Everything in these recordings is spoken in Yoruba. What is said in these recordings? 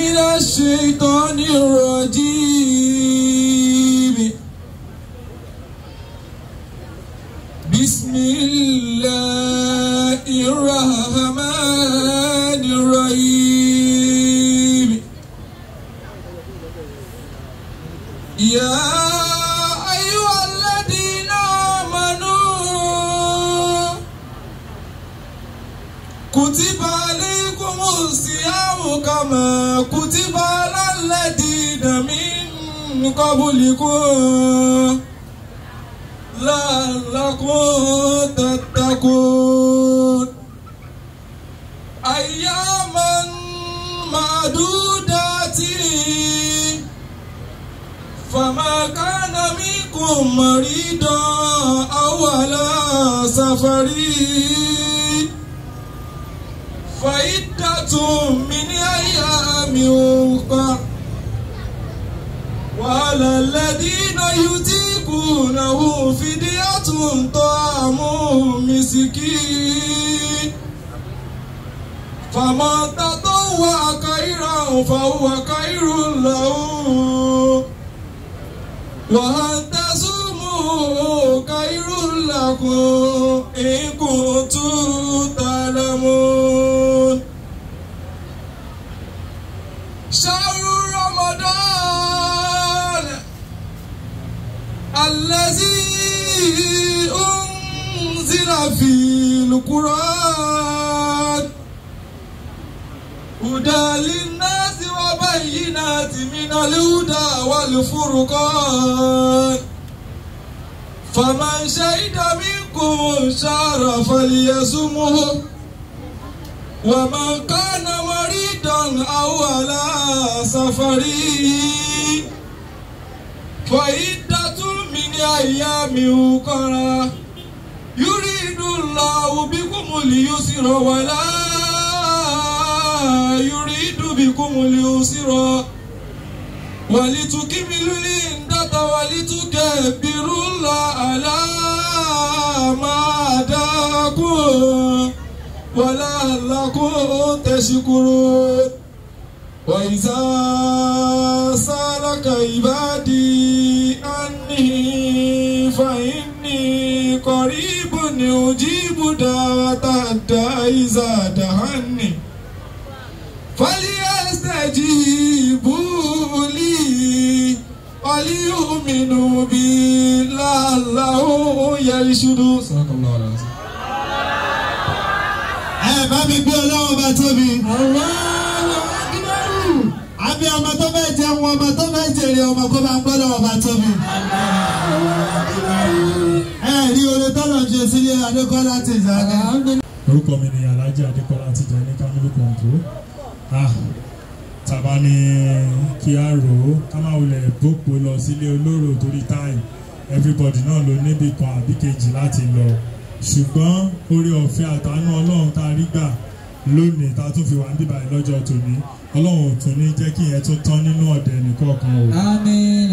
من الشيطان الرجيم بسم الله الرحمن الرحيم يا كتب عليكم الصيام كما كتب على الذين من قبلكم لعلكم تتقون أياما معدودات فما كان منكم مريضا أو على سفرين وعدة من أيام أخرى وعلى الذين يطيقونه فدية طعام مسكين فمن تطوع خيرا فهو خير له وأن تصوموا خير لكم إن كنتم هدى للناس وبينات من الهدى والفرقان فمن شهد منكم الشهر فليصمه ومن كان مريضا أو على سفر فعدة من أيام أخرى يريد الله بكم اليسر ولا يريد بكم اليسر ولتكملوا العدة ولتكبروا الله على ما هداكم ولعلكم تشكرون وإذا سألك عبادي أني فإني قريب يجيب دعوة الداعي إذا دعاني فليؤمنوا بي لعلهم يرشدون صدق الله ẹ bá mi gbé ọlọ́run bá tóbi. àbí ọmọ tó bẹ́ẹ̀ jẹun ọmọ tó bẹ́ẹ̀ jèrè ọmọ kó bá gbọ́dọ̀ ọba tóbi. ẹ rí oore tọ́lọ̀ ṣe sílé adékọ́lá Tijani. orúkọ mi ni alhaji adékọ́lá Tijani kámílù kọ̀ǹtò tàbá ní kí á rò ó ká má wulẹ̀ gbópo lọ sílé olóró torí táyì everybody náà ló níbi kan àbí kejì láti lọ ṣùgbọ́n orí ọ̀fẹ́ àtàánú ọlọ́run tá a rí gbà lónìí tá a tún fi wà níbí báyìí lọ́jọ́ tòní ọlọ́run ò tún ní jẹ́ kí ìyẹn tún tán nínú ọ̀dẹ̀ nìkọ̀ọ̀kan o.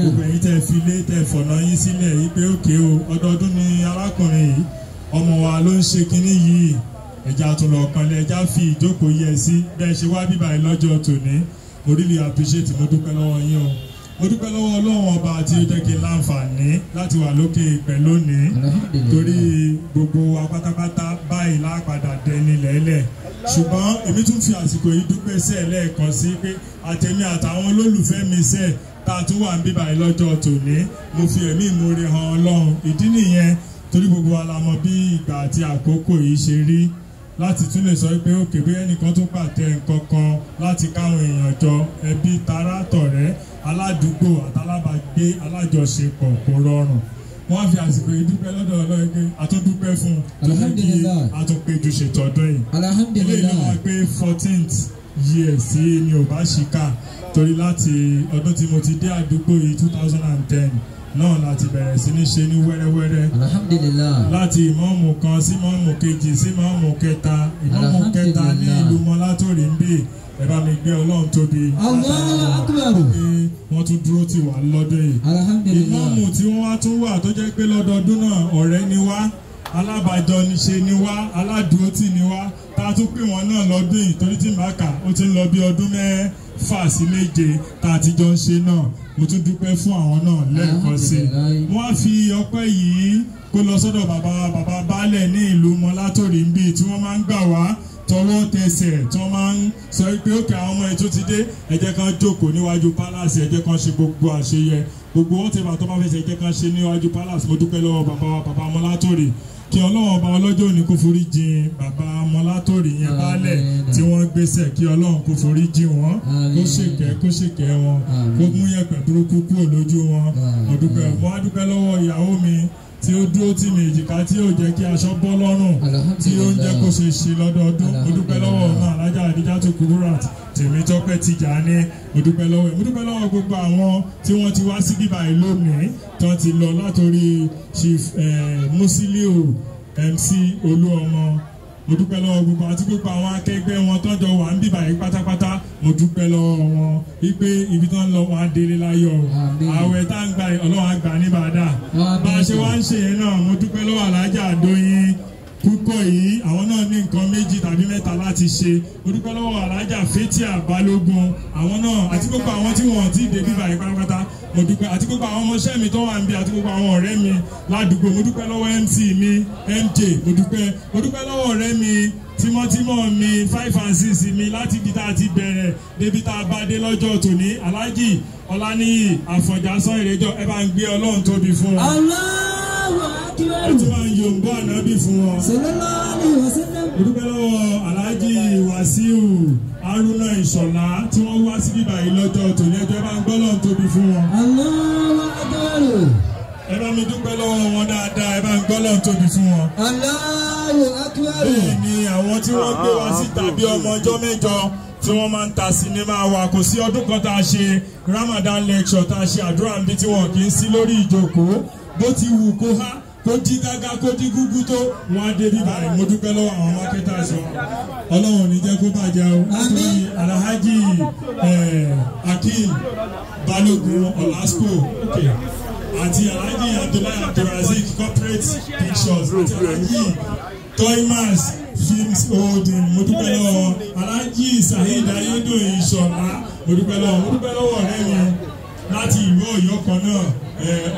gbogbo èyí tẹ́ fi lé tẹ́ fọ̀nà yín sílẹ̀ yìí pé òkè o ọdọọdún ni arákùnrin yìí ọmọ wa ló ń ṣe kinní yìí ẹja tó lọ kanlẹ̀ ẹja fi ìjókòó yẹ sí bẹ́ẹ̀ ṣe wá bíbáyìí lọ́jọ́ tòní mo really appreciate mo dúpẹ́ lọ́wọ́ yín o mo dúpẹ́ lọ́wọ́ ọlọ́run ọba tí ó jẹ́ kí n láǹfààní láti wà lókè ìpẹ́ lónìí torí gbogbo wa pátápátá báyìí lápadà dẹni lẹ́lẹ̀ ṣùgbọ́n èmi tún fi àsìkò yìí dúpẹ́ sẹ́ẹ̀ lẹ́ẹ̀kan sí pé àtẹ̀mí àtàwọn olólùfẹ́ mi sẹ́ẹ̀ tá a tún wà ń bíbà yìí lọ́jọ́ tòní mo fi ẹ̀mí ìmoore hàn ọlọ́run ìdí nìyẹn torí gbogbo wa bí ìgbà àti àkókò yìí ṣe rí láti tún lè sọ pé òkè bí ẹnìkan tó pàtẹ nǹkan kan láti káwọn èèyàn jọ ẹbí tará tọ̀rẹ́ aládùúgbò àtàlábàgbé alájọṣepọ̀ kò rọrùn wọ́n fi àsìkò yìí dúpẹ́ lọ́dọ̀ ọlọ́ọ̀gbẹ́ fún un kí àtúnpéjú ṣètọ́dún yìí eléyìí ló pé fourteenth year sí mi ò bá ṣìkà torí láti ọdún tí mo ti dé àdúgbò yìí two thousand and ten náà láti bẹ̀rẹ̀ sí ní ṣe ní wẹ́rẹ́wẹ́rẹ́. láti ìmọ̀ọ́mù kan sí ìmọ̀ọ́mù kejì sí ìmọ̀ọ́mù kẹta ìmọ̀ọ́mù kẹta ní ìlú mọ́látòrí ń bì ẹ bá mi gbé ọlọ́run tóbi. Allahu akbar. wọ́n tún dúró tì wá lọ́dún yìí. ìmọ̀ọ́mù tí wọ́n wá tún wà tó jẹ́ pé lọ́dọọdún náà ọ̀rẹ́ ni wá alábàjọ ṣe ni wá aládùúrótì ni wá tá a tún pè wọ́n náà lọ́dún yìí torí tí màá ó ti ń lọ bí ọdún mẹ́ẹ́ fàásì méje tá a ti jọ ń ṣe náà mo tún dúpẹ́ fún àwọn náà lẹ́ẹ̀kan sí i wọ́n á fi ọpẹ́ yìí kó lọ sọ́dọ̀ bàbá bàbá baálẹ̀ ní ìlú mọ́látòrí ń bì tí wọ́n máa ń gbà wá tọwọ́ tẹsẹ̀ tí wọ́n máa ń sọ pé òkè àwọn ọmọ ẹ̀ tó ti dé ẹ kan jókòó níwájú pálásì ẹ kan ṣe gbogbo àṣeyẹ gbogbo wọn ti bàtọ́ bá fẹsẹ̀ ẹ kan ṣe níwájú pálásì mo dúpẹ́ lọ́wọ́ bàbá wa bàbá mọ́látòrí kí ọlọ́run ọba ọlọ́jọ́ òní kó forí jìn bàbá ọmọlátòrí yẹn baálẹ̀ tí wọ́n gbéṣẹ̀ kí ọlọ́run kó forí jìn wọ́n kó ṣèkẹ́ kó ṣèkẹ́ wọn kó mú yẹ̀pẹ̀ burúkú kúrò lójú wọn ọ̀dúpẹ́ wọn á lọ́wọ́ ìyàwó mi tí ó dúró tì mí èjìká tí ó jẹ́ kí aṣọ bọ́ lọ́rùn tí ó ń jẹ́ kó ṣe ṣe lọ́dọọdún mo dúpẹ́ lọ́wọ́ ọ̀nà alájà Àdíjátù Kudirat Tèmítọ́pẹ́ Tìjàní mo dúpẹ́ lọ́wọ́ mo dúpẹ́ lọ́wọ́ gbogbo àwọn tí wọ́n ti wá sí bíbá ìlónìí tí wọ́n ti lọ látòrí eh, Musiliu MC Olúọmọ mo dúpẹ́ lọ́wọ́ gbogbo àti gbogbo àwọn akẹgbẹ́ wọn tọ́jọ wà ń bíbá yìí pátápátá mo dúpẹ́ lọ́wọ́ wọn wípé ibi tó lọ wọn á délé láyọ̀ tá ń gba ọlọ́wọ́ àgbà ní bàdà bá a ṣe wá ń ṣe yẹn náà mo dúpẹ́ lọ́wọ́ alájà àdóyin púpọ̀ yìí àwọn náà ní nǹkan méjì tàbí mẹ́ta láti ṣe mo dúpẹ́ lọ́wọ́ alájà fétíà balógun àwọn náà àti gbogbo àwọn tí wọ́n ti dé bíbá yìí pátápátá mo dúpẹ́ àti gbogbo àwọn ọmọọṣẹ́ mi tó wà níbí àti gbogbo àwọn ọ̀rẹ́ mi ládùúgbò mo dúpẹ́ lọ́wọ́ MC mi MJ mo dúpẹ́ mo dúpẹ́ lọ́wọ́ ọ̀rẹ́ mi tímọ́tímọ́ mi five and six mi láti ibi tá a ti bẹ̀rẹ̀ débi tá a bá dé lọ́jọ́ tòní Alhaji Ọláníyì Àfọ̀njá Sanyẹ̀rẹ́jọ́ ẹ bá ń gbé Ọlọ́run tóbi fún wọn. ẹ tún máa ń yòǹbọ̀ ànábì fún wọn. mo dúpẹ́ lọ́wọ́ Alhaji síbí báyìí lọ́jọ́ tòní ẹjọ́ bá ń gbọ́ lọ́n tóbi fún wọn. Allahu Akbar. ẹ bá mi dúpẹ́ lọ́wọ́ wọn dáadáa ẹ bá ń gbọ́ lọ́n tóbi fún wọn. Allahu Akbar. bẹ́ẹ̀ ni àwọn tí wọ́n gbé wá síta bí ọmọ ọjọ́ mẹ́jọ tí wọ́n máa ń ta sinimá wa kò sí ọdún kan tá a ṣe Ramadan lecture tá a ṣe àdúrà níbi tí wọn kì í sí lórí ìjókòó bó ti wù kó há kó jí gágá kó jí gúgú tó wọn á débi báyìí mo dúpẹ́ lọ́wọ́ àwọn mákẹ́tà sọ ọlọ́run ní jẹ́ kó bàjẹ́ o nítorí alahaji akeem balogun olasco àti alahaji abdullahi abdulrazik corporate pictures àti alahaji toymas films holding mo dúpẹ́ lọ́wọ́ alahaji saheed ayédòyìn ìṣọ̀lá mo dúpẹ́ lọ́wọ́ mo dúpẹ́ lọ́wọ́ ọ̀rẹ́ láti ìlú Ọ̀yọ́ kan náà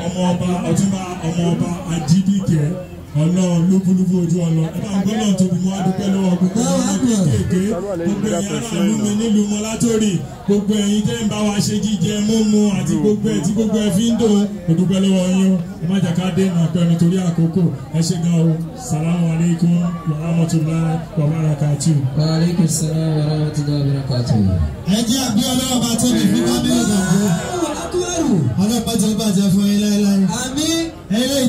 ọmọ ọba ọtúnba ọmọ ọba Ajíbíkẹ́ ọlọ́run lúbúlúbú ojú ọlọ ẹ̀ka gbọ́dọ̀ tóbi mọ́ adúpẹ́ lọ́wọ́ gbogbo ọmọ kéékèèké gbogbo ẹ̀yin aráàlú mi nílùú mọ́látórì gbogbo ẹ̀yin tẹ́ ń bá wa ṣe jíjẹ mímu àti gbogbo ẹ̀ tí gbogbo ẹ̀ fi ń dòun odúpẹ́ lọ́wọ́ yín o ẹ má jà ká dènà pẹ̀lú torí àkókò ẹ ṣe gan o salamu aleykum wa rahmatulahi wa barakatu. wa aleykum salaam wa rahmatulahi wa barakatu. ẹ jẹ́ àbí ọlọ́wọ́ bá tóbi fún bábí ọ̀gá ọlọ́pàá jẹ́ bàjẹ́ fún yín láéláé. àmín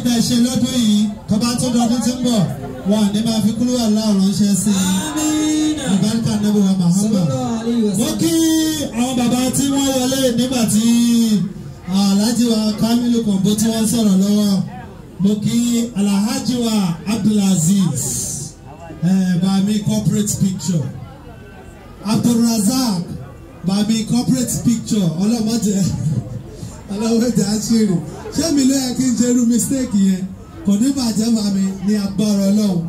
tẹ́ ṣe lọ́dún yìí tó bá tó dọdún tí ń bọ̀ wọn ní máa fi kúrú aláwọ̀ ránṣẹ́ sí i ìbáríkà níbo wa mahama wọ́n kí àwọn bàbá tí wọ́n wọlé nígbà tí alhaji wa kamilu kọ̀ǹbó tí wọ́n sọ̀rọ̀ lọ́wọ́ mo kí alhaji wa abdulaziz bami corporate picture abdulrazak bami corporate picture ọlọ́mọdé ọlọ́wọ́jà ṣèrò ṣé mi ló yẹ kí n ṣe irú mistake yẹn kò ní bàjẹ́ wà mí ní agbára ọlọ́run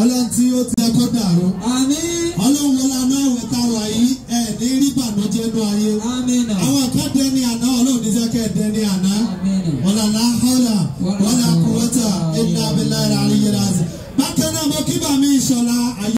ọlọ́run tí ó ti ẹkọ́ dàrú. àmín. ọlọ́run wọlé àná àwẹ̀ tá a wà yìí ẹ̀ ní rí bànújẹ́ nú ayé. àmín. àwọn ẹ̀kọ́ dẹni àná ọlọ́run ní sẹ́kẹ̀ dẹni àná. àmín. ọ̀làlá hàlà wọlé àkúwọ́tà ẹ̀ ní abilára ayélujára. bákan náà mo kí bàmí ìṣọ̀lá ayé.